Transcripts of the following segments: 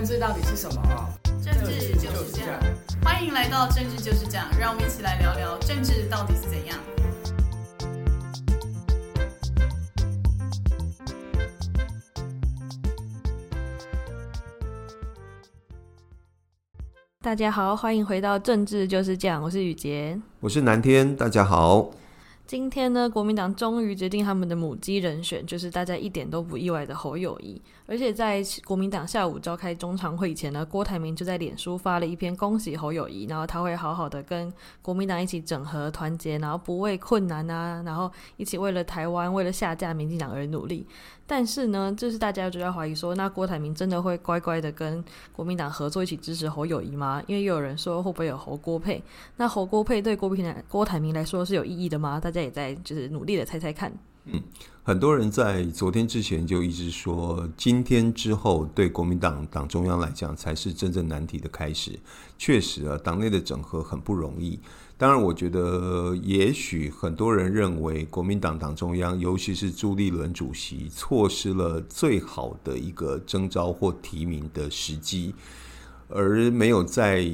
政治到底是什麼啊？政治就是這樣。歡迎來到《政治就是這樣》，讓我們一起來聊聊政治到底是怎樣。大家好，歡迎回到《政治就是這樣》，我是雨杰，我是南天。大家好，今天呢，國民黨終於決定他們的母雞人選，就是大家一點都不意外的侯友宜。而且在國民黨下午召開中常會前呢，郭台銘就在臉書發了一篇恭喜侯友宜，然後他會好好的跟國民黨一起整合團結，然後不畏困難啊，然後一起為了台灣、為了下架民進黨而努力。但是呢，就是大家就要懷疑說，那郭台銘真的會乖乖的跟國民黨合作，一起支持侯友宜嗎？因為又有人說會不會有侯郭配，那侯郭配對國民黨、郭台銘來說是有意義的嗎？大家也在就是努力的猜猜看。嗯，很多人在昨天之前就一直說，今天之後對國民黨黨中央來講，才是真正難題的開始。確實啊，黨內的整合很不容易。當然，我覺得也許很多人認為，國民黨黨中央，尤其是朱立倫主席，錯失了最好的一個徵召或提名的時機，而沒有在。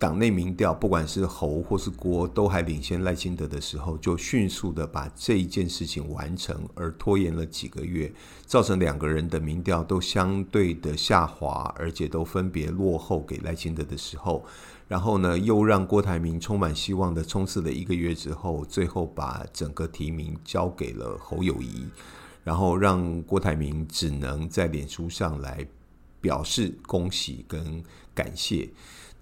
黨內民調，不管是侯或是郭，都還領先賴清德的時候，就迅速的把這一件事情完成，而拖延了幾個月，造成兩個人的民調都相對的下滑，而且都分別落後給賴清德的時候，然後呢，又讓郭台銘充滿希望的衝刺了一個月之後，最後把整個提名交給了侯友宜，然後讓郭台銘只能在臉書上來表示恭喜跟感謝。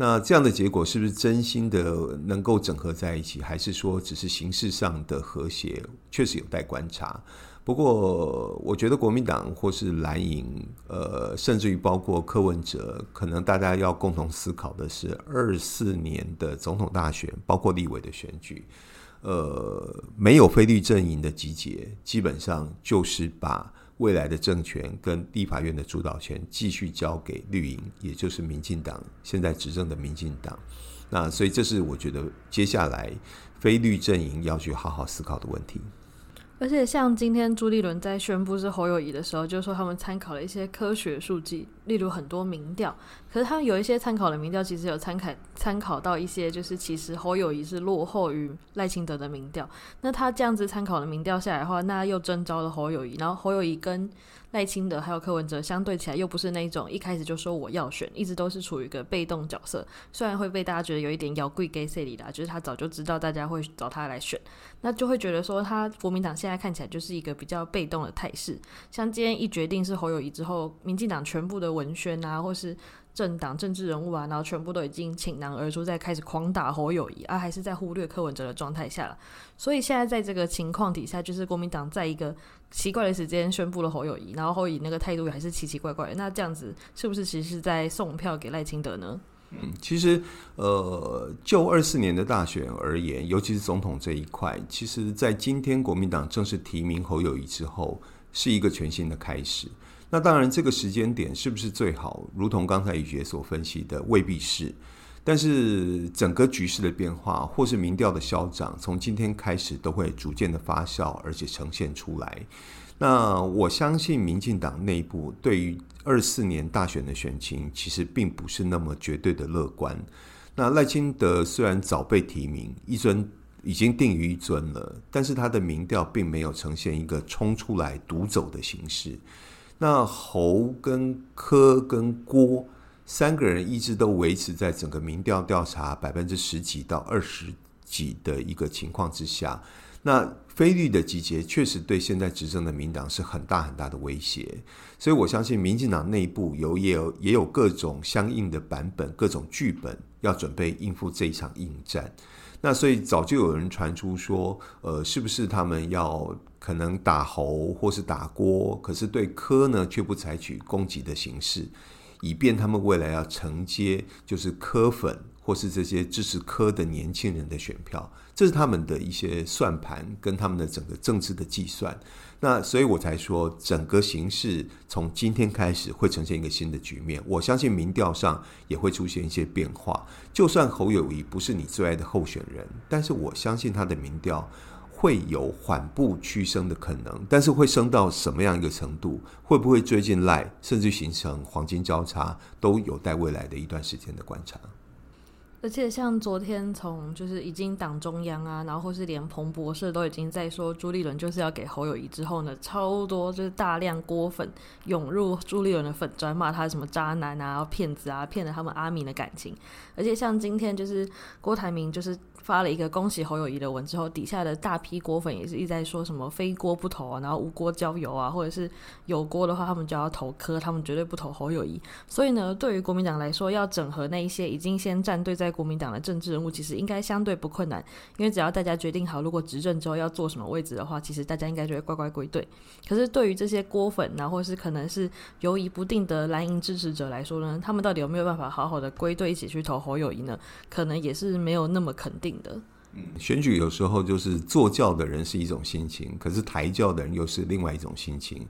那這樣的結果是不是真心的能夠整合在一起，還是說只是形式上的和諧，確實有待觀察。不過，我覺得國民黨或是藍營，呃，甚至於包括柯文哲，可能大家要共同思考的是，二四年的總統大選，包括立委的選舉，呃，沒有非綠陣營的集結，基本上就是把。未來的政權跟立法院的主導權繼續交給綠營，也就是民進黨現在執政的民進黨。那所以，這是我覺得接下來非綠陣營要去好好思考的問題。而且，像今天朱立倫在宣布是侯友宜的時候，就是、說他們參考了一些科學數據。例如很多民調，可是他們有一些參考的民調，其實有參考參考到一些，就是其實侯友宜是落後於賴清德的民調。那他這樣子參考的民調下來的話，那又徵召了侯友宜，然後侯友宜跟賴清德還有柯文哲相對起來，又不是那種一開始就說我要選，一直都是處於一個被動角色。雖然會被大家覺得有一點要跪給塞里的，就是他早就知道大家會找他來選，那就會覺得說他國民黨現在看起來就是一個比較被動的態勢。像今天一決定是侯友宜之後，民進黨全部的。文宣啊，或是政黨政治人物啊，然後全部都已經傾囊而出，在開始狂打侯友宜啊，還是在忽略柯文哲的狀態下了。所以現在在這個情況底下，就是國民黨在一個奇怪的時間宣布了侯友宜，然後侯友宜那個態度還是奇奇怪怪。那這樣子是不是其實是在送票給賴清德呢？嗯，其實呃，就二四年的大選而言，尤其是總統這一塊，其實，在今天國民黨正式提名侯友宜之後，是一個全新的開始。那當然，這個時間點是不是最好？如同剛才宇杰所分析的，未必是。但是整個局勢的變化，或是民調的消長，從今天開始都會逐漸的發酵，而且呈現出來。那我相信，民進黨內部對於二四年大選的選情，其實並不是那麼絕對的樂觀。那賴清德雖然早被提名，一尊已經定於一尊了，但是他的民調並沒有呈現一個衝出來獨走的形式。那侯跟柯跟郭三個人一直都維持在整個民調調查百分之十幾到二十幾的一個情況之下。那非綠的集結確實對現在執政的民黨是很大很大的威脅，所以我相信民進黨內部有也有也有各種相應的版本，各種劇本要準備應付這一場硬戰。那所以早就有人傳出說，呃，是不是他們要？可能打侯或是打郭，可是對柯呢，卻不採取攻擊的形式，以便他們未來要承接就是柯粉或是這些支持柯的年輕人的選票，這是他們的一些算盤跟他們的整個政治的計算。那所以，我才說整個形勢從今天開始會呈現一個新的局面。我相信民調上也會出現一些變化。就算侯友宜不是你最愛的候選人，但是我相信他的民調。會有緩步趨升的可能，但是會升到什麼樣一個程度？會不會追近賴，甚至形成黃金交叉，都有待未來的一段時間的觀察。而且，像昨天從就是已經黨中央啊，然後或是連彭博社都已經在說朱立倫就是要給侯友宜之後呢，超多就是大量郭粉湧入朱立倫的粉專罵他什麼渣男啊、騙子啊，騙了他們阿銘的感情。而且，像今天就是郭台銘就是。發了一個恭喜侯友宜的文之後，底下的大批郭粉也是一直在說什麼非郭不投、啊，然後沒郭郊遊啊，或者是有郭的話他們就要投柯，他們絕對不投侯友宜。所以呢，對於國民黨來說，要整合那一些已經先站隊在國民黨的政治人物，其實應該相對不困難，因為只要大家決定好如果執政之後要坐什麼位置的話，其實大家應該就會乖乖歸隊。可是對於這些郭粉啊，然後或者是可能是猶疑不定的藍營支持者來說呢，他們到底有沒有辦法好好的歸隊一起去投侯友宜呢？可能也是沒有那麼肯定。的、嗯，選舉有時候就是坐轎的人是一種心情，可是抬轎的人又是另外一種心情，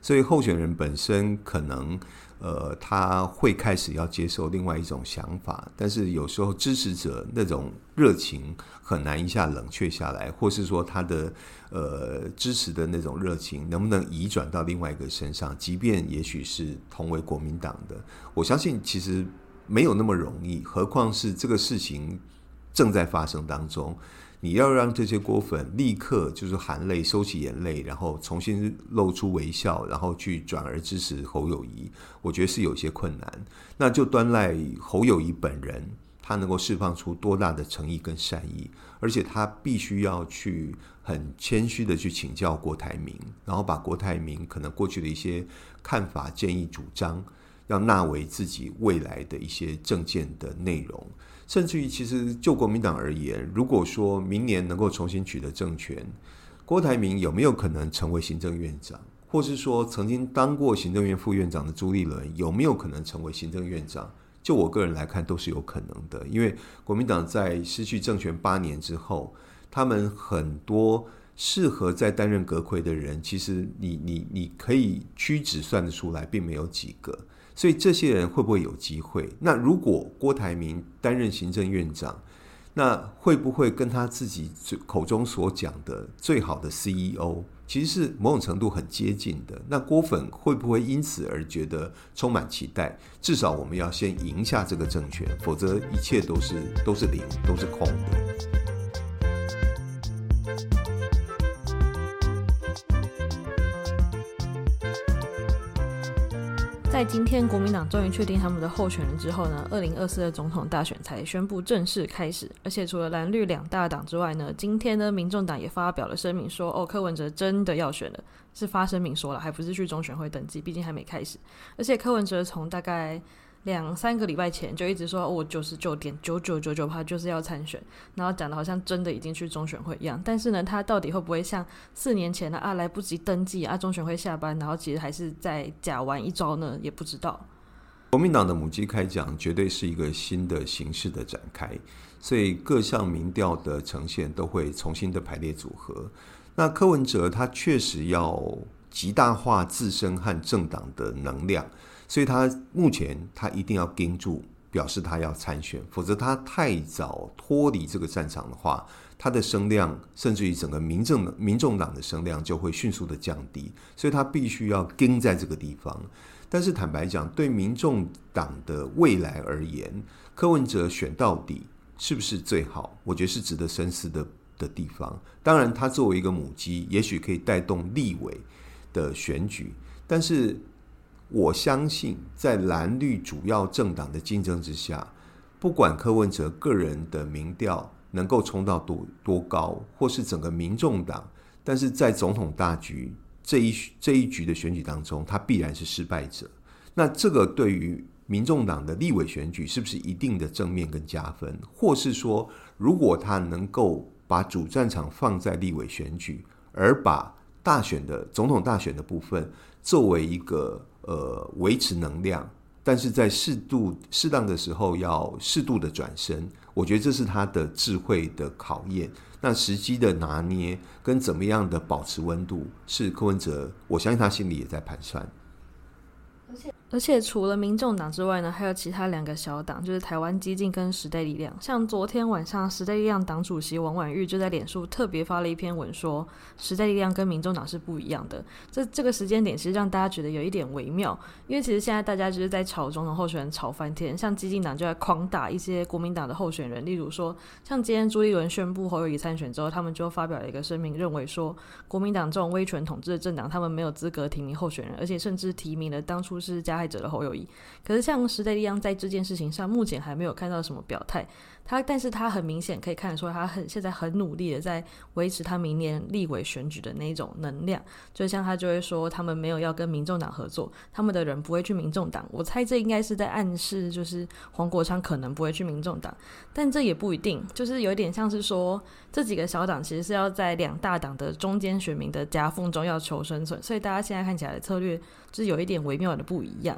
所以候選人本身可能，呃，他會開始要接受另外一種想法，但是有時候支持者那種熱情很難一下冷卻下來，或是說他的呃支持的那種熱情能不能移轉到另外一個身上，即便也許是同為國民黨的，我相信其實沒有那麼容易，何況是這個事情，正在發生當中，你要讓這些郭粉立刻就是含淚收起眼淚，然後重新露出微笑，然後去轉而支持侯友宜，我覺得是有些困難。那就端賴侯友宜本人，他能夠釋放出多大的誠意跟善意，而且他必須要去很謙虛的去請教郭台銘，然後把郭台銘可能過去的一些看法、建議、主張。要納為自己未來的一些政見的內容，甚至於，其實就國民黨而言，如果說明年能夠重新取得政權，郭台銘有沒有可能成為行政院長，或是說曾經當過行政院副院長的朱立倫有沒有可能成為行政院長？就我個人來看，都是有可能的，因為國民黨在失去政權八年之後，他們很多適合在擔任閣揆的人，其實你你你可以屈指算得出來，並沒有幾個。所以這些人會不會有機會？那如果郭台銘擔任行政院長，那會不會跟他自己口中所講的最好的 CEO，其實是某種程度很接近的？那郭粉會不會因此而覺得充滿期待？至少我們要先贏下這個政權，否則一切都是都是零，都是空的。在今天國民黨終於確定他們的候選人之後呢，二零二四的總統大選才宣布正式開始。而且除了藍綠兩大黨之外呢，今天呢民眾黨也發表了聲明說，哦柯文哲真的要選了，是發聲明說了，還不是去中選會登記，畢竟還沒開始。而且柯文哲從大概。兩三個禮拜前就一直說，我九十九點九九九九趴就是要參選，然後講的好像真的已經去中選會一樣。但是呢，他到底會不會像四年前的啊，啊來不及登記啊，中選會下班，然後其實還是在假玩一招呢？也不知道。國民黨的母雞開獎絕對是一個新的形式的展開，所以各項民調的呈現都會重新的排列組合。那柯文哲他確實要極大化自身和政黨的能量。所以，他目前他一定要盯住，表示他要參選，否則他太早脫離這個戰場的話，他的聲量甚至於整個民政、民眾黨的聲量就會迅速的降低。所以他必須要盯在這個地方。但是，坦白講，對民眾黨的未來而言，柯文哲選到底是不是最好，我覺得是值得深思的的地方。當然，他作為一個母雞，也許可以帶動立委的選舉，但是。我相信，在藍綠主要政黨的競爭之下，不管柯文哲個人的民調能夠衝到多多高，或是整個民眾黨，但是在總統大局這一這一局的選舉當中，他必然是失敗者。那這個對於民眾黨的立委選舉，是不是一定的正面跟加分？或是說，如果他能夠把主戰場放在立委選舉，而把大選的總統大選的部分作為一個？呃，維持能量，但是在適度、適當的時候要適度的轉身，我覺得這是他的智慧的考驗。那時機的拿捏跟怎麼樣的保持溫度，是柯文哲，我相信他心裡也在盤算。而且除了民眾黨之外呢，還有其他兩個小黨，就是台灣基進跟時代力量。像昨天晚上，時代力量黨主席王婉諭就在臉書特別發了一篇文說，說時代力量跟民眾黨是不一樣的。這這個時間點，其實讓大家覺得有一點微妙，因為其實現在大家就是在炒總統候選人，炒翻天。像基進黨就在狂打一些國民黨的候選人，例如說，像今天朱立倫宣布侯友宜參選之後，他們就發表了一個聲明，認為說國民黨這種威權統治的政黨，他們沒有資格提名候選人，而且甚至提名了當初是加。愛者的侯友宜，可是像時代力量，在這件事情上，目前還沒有看到什麼表態。他，但是他很明顯可以看得出，他很現在很努力的在維持他明年立委選舉的那一種能量。就像他就會說，他們沒有要跟民眾黨合作，他們的人不會去民眾黨。我猜這應該是在暗示，就是黃國昌可能不會去民眾黨，但這也不一定。就是有一點像是說，這幾個小黨其實是要在兩大黨的中間選民的夾縫中要求生存，所以大家現在看起來的策略就是有一點微妙的不一樣。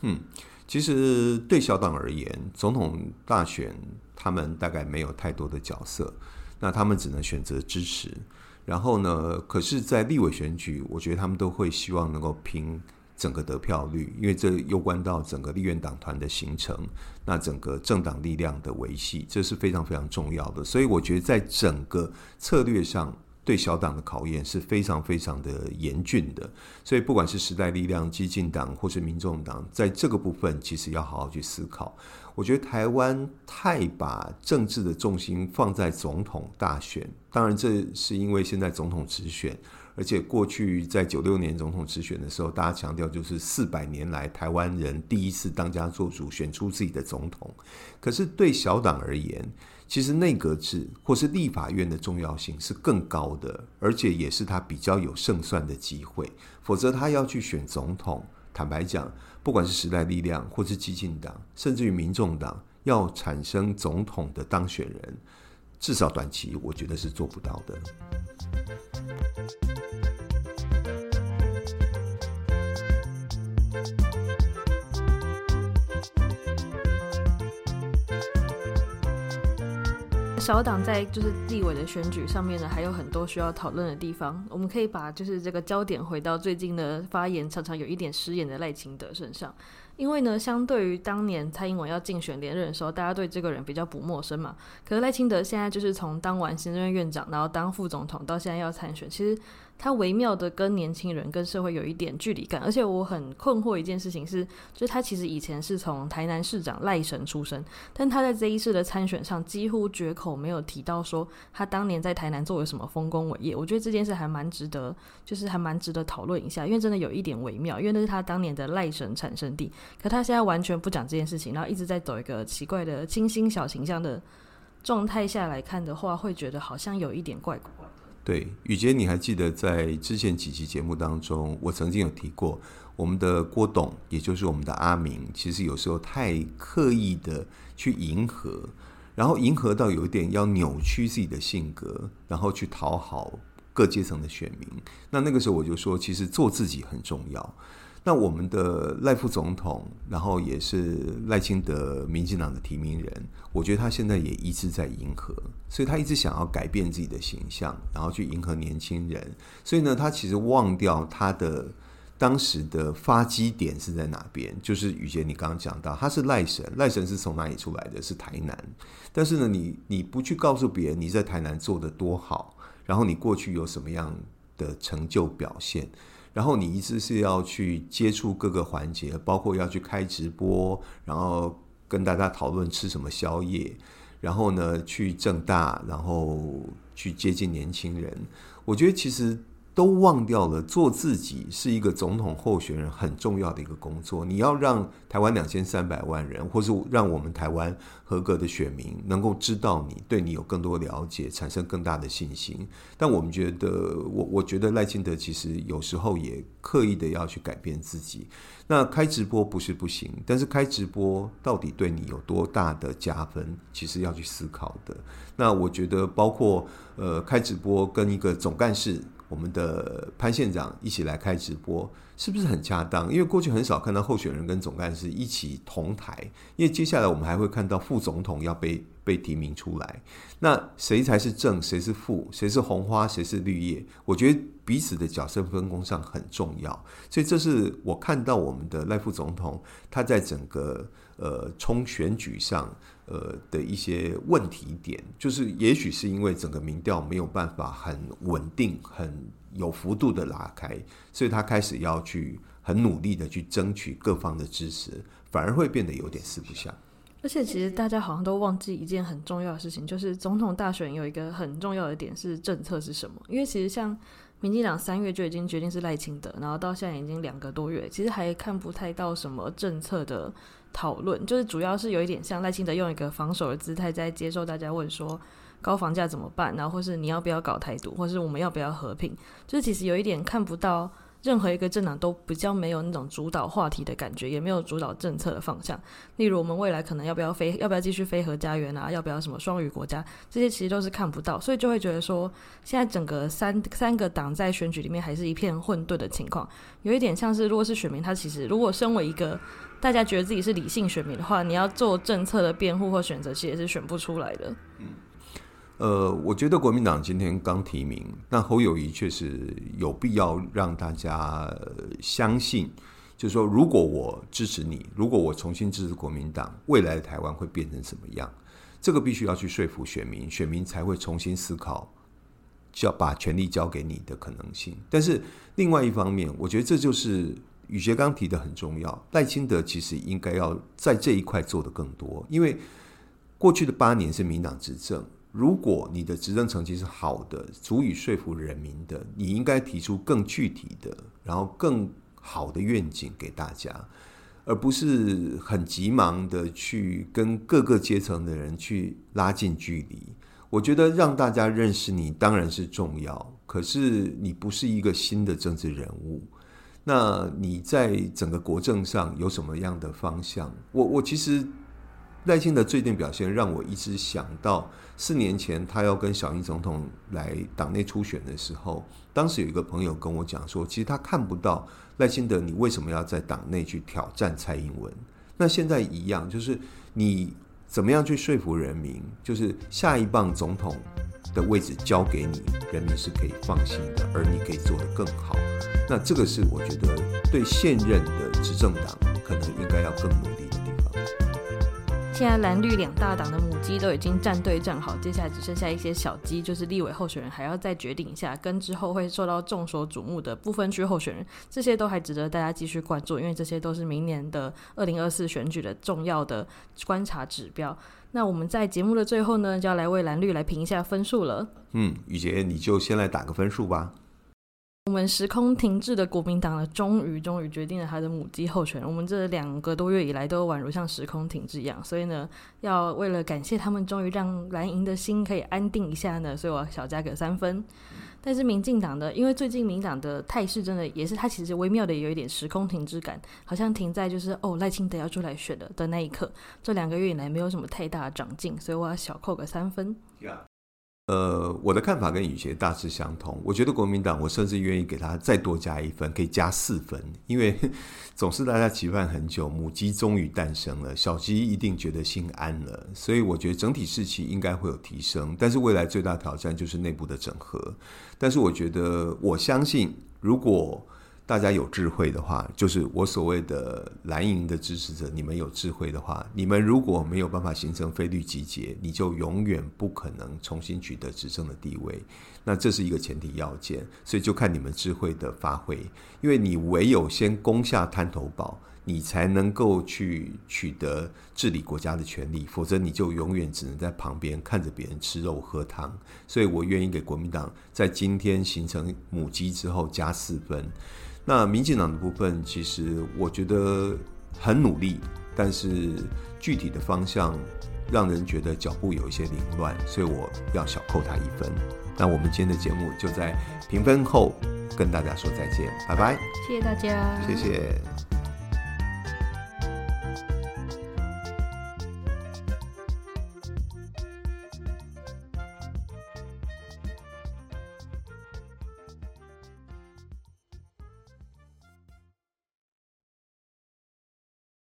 嗯，其實對小黨而言，總統大選。他們大概沒有太多的角色，那他們只能選擇支持。然後呢，可是，在立委選舉，我覺得他們都會希望能夠拼整個得票率，因為這攸關到整個立院黨團的形成，那整個政黨力量的維繫，這是非常非常重要的。所以，我覺得在整個策略上。對小黨的考驗是非常非常的嚴峻的，所以不管是時代力量、激進黨或是民眾黨，在這個部分其實要好好去思考。我覺得台灣太把政治的重心放在總統大選，當然這是因為現在總統直選，而且過去在九六年總統直選的時候，大家強調就是四百年來台灣人第一次當家做主選出自己的總統。可是對小黨而言，其實內閣制或是立法院的重要性是更高的，而且也是他比較有勝算的機會。否則他要去選總統，坦白講，不管是時代力量或是基進黨，甚至於民眾黨，要產生總統的當選人，至少短期我覺得是做不到的。小黨在就是立委的選舉上面呢，還有很多需要討論的地方。我們可以把就是這個焦點回到最近的發言，常常有一點失言的賴清德身上。因為呢，相對於當年蔡英文要競選連任的時候，大家對這個人比較不陌生嘛。可是賴清德現在就是從當完行政院院長，然後當副總統，到現在要參選，其實他微妙的跟年輕人、跟社會有一點距離感。而且我很困惑一件事情是，就是他其實以前是從台南市長賴神出身，但他在這一次的參選上幾乎絕口沒有提到說他當年在台南做了什麼豐功偉業。我覺得這件事還蠻值得，就是還蠻值得討論一下，因為真的有一點微妙，因為那是他當年的賴神產生地。可他現在完全不講這件事情，然後一直在走一個奇怪的清新小形象的狀態下來看的話，會覺得好像有一點怪怪。對，宇杰，你還記得在之前幾期節目當中，我曾經有提過，我們的郭董，也就是我們的阿明，其實有時候太刻意的去迎合，然後迎合到有一點要扭曲自己的性格，然後去討好各階層的選民。那那個時候我就說，其實做自己很重要。那我們的賴副總統，然後也是賴清德，民進黨的提名人，我覺得他現在也一直在迎合，所以他一直想要改變自己的形象，然後去迎合年輕人。所以呢，他其實忘掉他的當時的發跡點是在哪邊，就是宇杰，你剛剛講到，他是賴神，賴神是從哪裡出來的？是台南。但是呢，你你不去告訴別人你在台南做得多好，然後你過去有什麼樣的成就表現。然後你一直是要去接觸各個環節，包括要去開直播，然後跟大家討論吃什麼宵夜，然後呢去政大，然後去接近年輕人。我覺得其實。都忘掉了做自己是一個總統候選人很重要的一個工作。你要讓台灣兩千三百萬人，或是讓我們台灣合格的選民，能夠知道你，對你有更多了解，產生更大的信心。但我們覺得，我我覺得賴清德其實有時候也刻意的要去改變自己。那開直播不是不行，但是開直播到底對你有多大的加分，其實要去思考的。那我覺得包括，呃，開直播跟一個總幹事，我們的潘縣長一起來開直播，是不是很恰當？因為過去很少看到候選人跟總幹事一起同台。因為接下來我們還會看到副總統要被被提名出來，那誰才是正，誰是副，誰是紅花，誰是綠葉？我覺得彼此的角色分工上很重要。所以這是我看到我們的賴副總統他在整個呃從選舉上。呃，的一些問題點，就是也許是因為整個民調沒有辦法很穩定、很有幅度的拉開，所以他開始要去很努力的去爭取各方的支持，反而會變得有點四不像。而且，其實大家好像都忘記一件很重要的事情，就是總統大選有一個很重要的點是政策是什麼？因為其實像。民進黨三月就已經決定是賴清德，然後到現在已經兩個多月，其實還看不太到什麼政策的討論，就是主要是有一點像賴清德用一個防守的姿態在接受大家問說，高房價怎麼辦，然後或是你要不要搞台獨，或是我們要不要和平，就是其實有一點看不到。任何一個政黨都比較沒有那種主導話題的感覺，也沒有主導政策的方向。例如，我們未來可能要不要非，要不要繼續非核家園啊？要不要什麼雙語國家？這些其實都是看不到，所以就會覺得說，現在整個三三個黨在選舉裡面還是一片混沌的情況。有一點像是，如果是選民，他其實如果身為一個大家覺得自己是理性選民的話，你要做政策的辯護或選擇，其實也是選不出來的。呃，我覺得國民黨今天剛提名，那侯友宜確實有必要讓大家相信，就是說，如果我支持你，如果我重新支持國民黨，未來的台灣會變成什麼樣？這個必須要去說服選民，選民才會重新思考，就要把權力交給你的可能性。但是另外一方面，我覺得這就是宇學剛提的很重要，賴清德其實應該要在這一塊做得更多，因為過去的八年是民黨執政。如果你的執政成績是好的，足以說服人民的，你應該提出更具體的，然後更好的願景給大家，而不是很急忙的去跟各個階層的人去拉近距離。我覺得讓大家認識你當然是重要，可是你不是一個新的政治人物，那你在整個國政上有什麼樣的方向？我我其實賴清德最近表現，讓我一直想到四年前他要跟小英總統來黨內初選的時候，當時有一個朋友跟我講說，其實他看不到賴清德，你為什麼要在黨內去挑戰蔡英文？那現在一樣，就是你怎麼樣去說服人民，就是下一棒總統的位置交給你，人民是可以放心的，而你可以做得更好。那這個是我覺得對現任的執政黨可能應該要更努力。現在藍綠兩大黨的母雞都已經站隊站好，接下來只剩下一些小雞，就是立委候選人還要再決定一下，跟之後會受到眾所矚目的不分區候選人，這些都還值得大家繼續關注，因為這些都是明年的二零二四選舉的重要的觀察指標。那我們在節目的最後呢，就要來為藍綠來評一下分數了。嗯，宇杰，你就先來打個分數吧。我們時空停滯的國民黨呢，終於終於決定了他的母雞候選。我們這兩個多月以來都宛如像時空停滯一樣，所以呢，要為了感謝他們，終於讓藍營的心可以安定一下呢，所以我要小加個三分。嗯、但是民進黨的，因為最近民黨的態勢真的也是他其實微妙的有一點時空停滯感，好像停在就是哦賴清德要出來選的的那一刻，這兩個月以來沒有什麼太大的長進，所以我要小扣個三分。嗯呃，我的看法跟雨潔大致相同。我覺得國民黨，我甚至願意給他再多加一分，可以加四分，因為總是大家期盼很久，母雞終於誕生了，小雞一定覺得心安了。所以我覺得整體士氣應該會有提升。但是未來最大挑戰就是內部的整合。但是我覺得，我相信如果。大家有智慧的話，就是我所謂的藍營的支持者，你們有智慧的話，你們如果沒有辦法形成非綠集結，你就永遠不可能重新取得執政的地位。那這是一個前提要件，所以就看你們智慧的發揮。因為你唯有先攻下灘頭堡，你才能夠去取得治理國家的權利，否則你就永遠只能在旁邊看着別人吃肉喝湯。所以我願意給國民黨在今天形成母雞之後加四分。那民進黨的部分，其實我覺得很努力，但是具體的方向讓人覺得腳步有一些凌亂，所以我要小扣他一分。那我們今天的節目就在評分後跟大家說再見，拜拜，謝謝大家，謝謝。